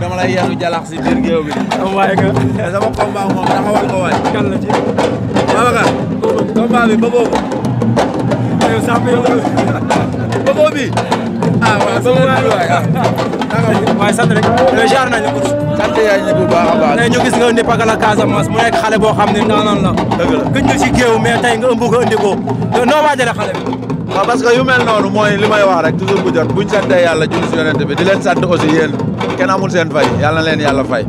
dama lay yenu jalax si biir géew bi. waaye oh que sama combat moom taxawal ko waay. kan la ci. Babacar combat bi ba boobu. yow sax bi bëggoo bi ah waaw bëggoo bi waay ah. waaye sant rek mais jaar nañu ko. sant yaay ñu bu baax a baax. mais ñu gis nga indi Pakala Casamance mu nekk xale boo xam ne naan la. dëgg la gëj nga ci géew mais tey nga ëmb ko indi ko noo waajale xale bi. waaw parce que yu mel noonu mooy li may wax rek toujours bu jot buñ santee yàlla julli si yonent bi di leen sant aussi yéen kenn amul seen fay yàlla na leen yàlla fay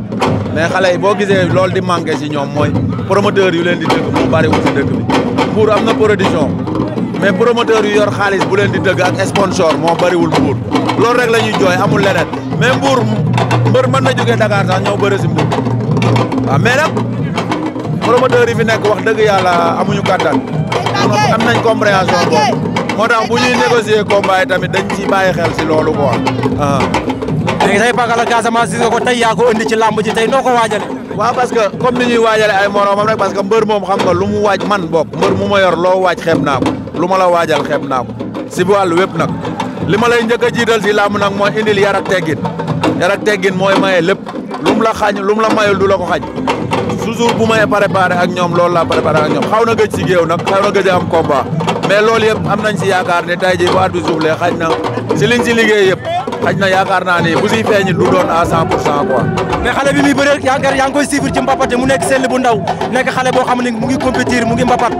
mais xale yi boo gisee loolu di manqué si ñoom mooy promoteur yu leen di dëkk mu bari wut si dëkk bi pour am na production mais promoteur yu yor xaliss bu len di deug ak sponsor bari wul mbuur loolu rek lañuy joy amul leneen mais mbour mbeur man na joge Dakar sax ñow beure ci mbour wa ah, mais nak promoteur yi fi nek wax deug yalla amuñu kàttan am nañ compréhension bo motax bu ñuy négocier combat tamit dañ ci baye xel ci loolu quoi a ah. léegi tey Pakala Casamance gis ci ko tay ya ko indi ci lamb ci tay noko wajale wa parce que comme ni ñuy wajale ay am rek parce que mbeur mom xam nga lu mu waj man bopp mbeur mu ma yor lo waj xeeb ko lu ma la waajal xeeb naa ko si wàllu wépp nag li ma lay njëkk a jiital si làmb nag mooy indil yar ak teggin yar ak teggin mooy maye lépp lu mu la xañ lu mu la mayul du la ko xañ toujours bu may préparé ak ñoom loolu laa préparé ak ñoom xaw na gëj si géew nag xaw na gëj am combat mais loolu yëpp am nañ si yaakaar ne tey jii bu at bi suuflee xañ na si liñ si liggéey yëpp xaj na yaakaar naa bu siy du doon à 100 pour cent quoi. mais xale bi muy bëree yaakaar yaa koy suivre ci mbapat mu nekk sell bu ndaw nekk xale boo xam mu ngi compétir mu ngi mbapat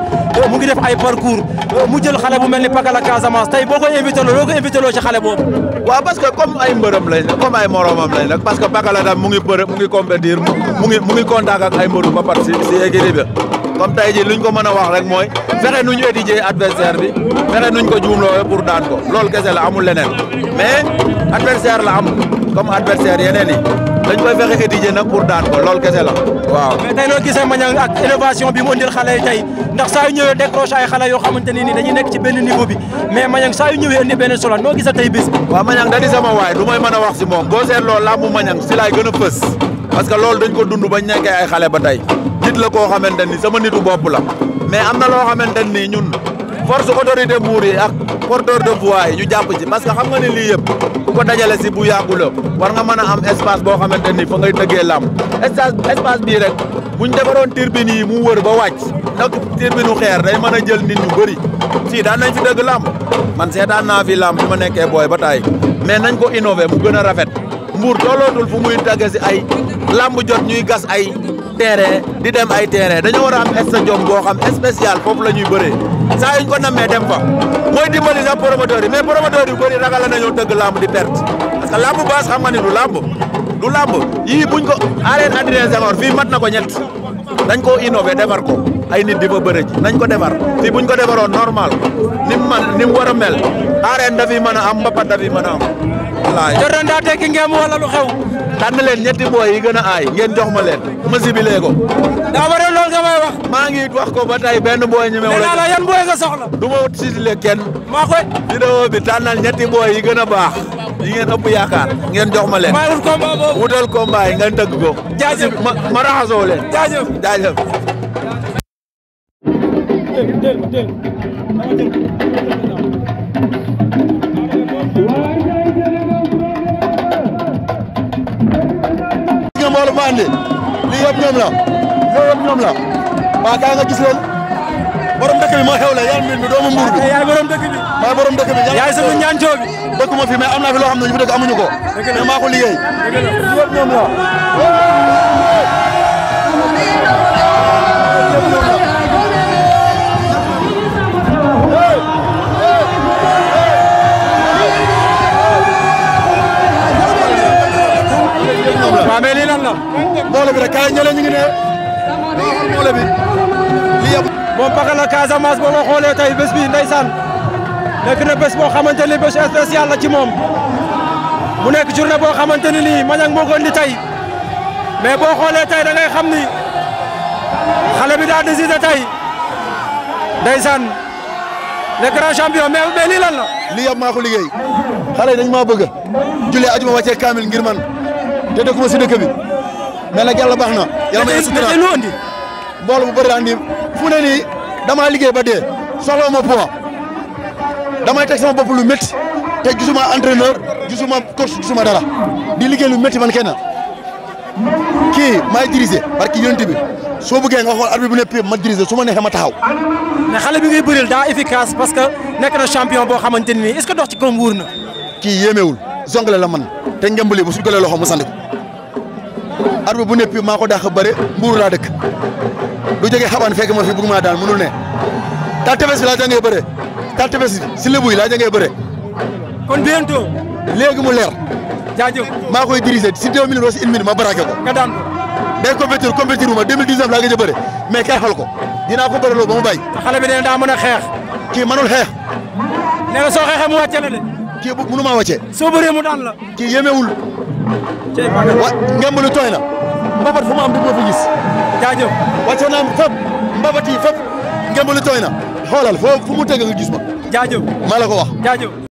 mu ngi def ay parcours mu jël xale bu mel ni Pakala Casamance tey boo koy invité loo loo xale boobu. waaw parce que ay mbërëm lañ comme ay moromam lañ nag Pakala tam mu ngi bëre mu ngi compétir ay mbëru mbapat si si équipe bi comme tey ji luñ ko mën a wax rek mooy fexe nuñ étudier adversaire bi fexe nuñ ko juumloowe pour daan ko loolu kese la amul leneen mais adversaire la am comme adversaire yeneen yi dañ koy fexe étudier nag pour daan ko lool kese la waaw mais tey noo gisee Maniang ak innovation bi mu indil xale yi ndax saa yu ñëwee décroché ay xale yoo xamante ni nii dañuy nekk ci benn niveau bi mais Maniang saa yu ñëwee indi benn solo noo gisee tey bis waaw Maniang da sama waay du may mën a wax si moom boo seet loolu laa mu Maniang si laay gën dund bañ nekkee xale ba tey la ko xamanteni sama nitu bop la mais amna lo xamanteni ñun force autorité mouri ak porteur de voix yi ñu jàpp ci parce que xam nga ni li yeb ku ko dajale ci bu yàggu war nga mëna am espace bo xamanteni fa ngay tëggee lam espace espace bi rek buñ defaroon turbine yi mu wër ba wacc nak turbine xeer day mëna jël nit ñu bëri ci da nañ ci dëgg lam man seetaan na fi lam bima nekké boy ba tay mais nañ ko innover mu gëna rafet mbuur tollootul fu muy tagasi ay lamb jot ñuy gas ay terrain di dem ay terrain dañoo war a am stadium boo xam spécial foofu la ñuy bëree saa yu ko nammee dem fa mooy dimbali sax promoteur yi mais promoteur yu bëri ragal nañoo tëgg lamb di perte parce que lamb baas xam nga ni du lamb du lamb yii buñ ko arène Adrien Senghor fii mat na ko ñett dañ koo innové defar ko ay nit di fa bëre ji nañ ko defar fii buñ ko defaroon normal ni mu man ni mu war a mel arène mën a am mbapat dafiy mën a am wallaay Jordan daa tekki ngeem wala lu xew. tànn leen ñetti booy yi gën a aay ngeen jox ma leen ma zibilee ko. daa ba doon loolu nga may wax. maa ngi wax ko ba tey benn booy ñu. nee naa la yan booy nga soxla. du ma sitile kenn. maa koy. vidéo bi tànnal ñetti booy yi gën a baax. yi ngeen ëpp yaakaar ngeen jox ma leen. maa wut combat boobu wutal combat yi ngeen tëgg ko. jaajëf ma ma raxasoo leen. jaajëf jaajëf. jël jël yëpp ñoom la loolu yëpp ñoom la waa gaa nga gis loolu borom dëkk bi moo xew la yaa mbir mi doomu mbuur bi yaay borom dëkk bi maa borom dëkk bi yaay sama fi mais am naa loo xam ne ñu fi dëkk amuñu ko mais maa ko liggéey waaw mais lii lan la. mbooloo bi rek kaay ñële ñu ngi ne mbooloo bi lii yëpp. moom Pakala Casamance boo ko xoolee tey bés bi ndeysaan nekk na bés boo xamante ni bés spécial la ci moom mu nekk journée boo xamante ni nii Maniang moo ko indi tey mais boo xoolee tey da xam ni xale bi daa décidé tey ndeysaan le grand champion mais mais lii lan la. lii yëpp maa ko liggéey xale yi dañ maa bëgg julli ajuma wàccee kaamil ngir te dëkkuma si dëkk bi mais nag yàlla baax na. yàlla may sutura lu bu bëri daan di ne nii damaa liggéey ba dee soxla ma poids damay teg sama bopp lu métti te gisuma entraîneur gisuma coach gisuma dara di liggéey lu métti man kenn kii maay diriger parce que yonent bi soo bëggee nga xool arbitre bu nepp ma diriger su ma neexee ma taxaw. mais xale bi ngay bëril daa efficace parce que nekk na champion boo xamante ni est-ce que dox ci koom wóor na. kii yéemewul. jongle la man te ngembali mu su loxo mu sandi ko arbi bu neppi maa ko dàq bëre mbuur laa dëkk du jóge xabaan fekk ma fi bugg maa daan mënul ne ta tefes bi laa jàngee bëre ta si lébu yi laa jàngee bëre kon bientôt léegi mu leer jaajëf maa koy diriger si deux minutes wala si une minute ma baraake ko nga daan ko day compétir compétir wu ma 2019 laa gëj a bëre mais xeexal ko dinaa ko bëre loo ba mu bàyyi bi nee daa mën a xeex kii mënul xeex nee soo xeexee kii bu mënu maa wàcce. soo bëree mu daan la. kii yemewul. ceeb ba ngemb lu tooy na. mbabat fu mu am du ko gis. jaajëf wàcce naa fépp mbabat yi fépp ngemb lu tooy na xoolal foo fu mu teg gis ma. jaajëf maa ko wax jaajëf.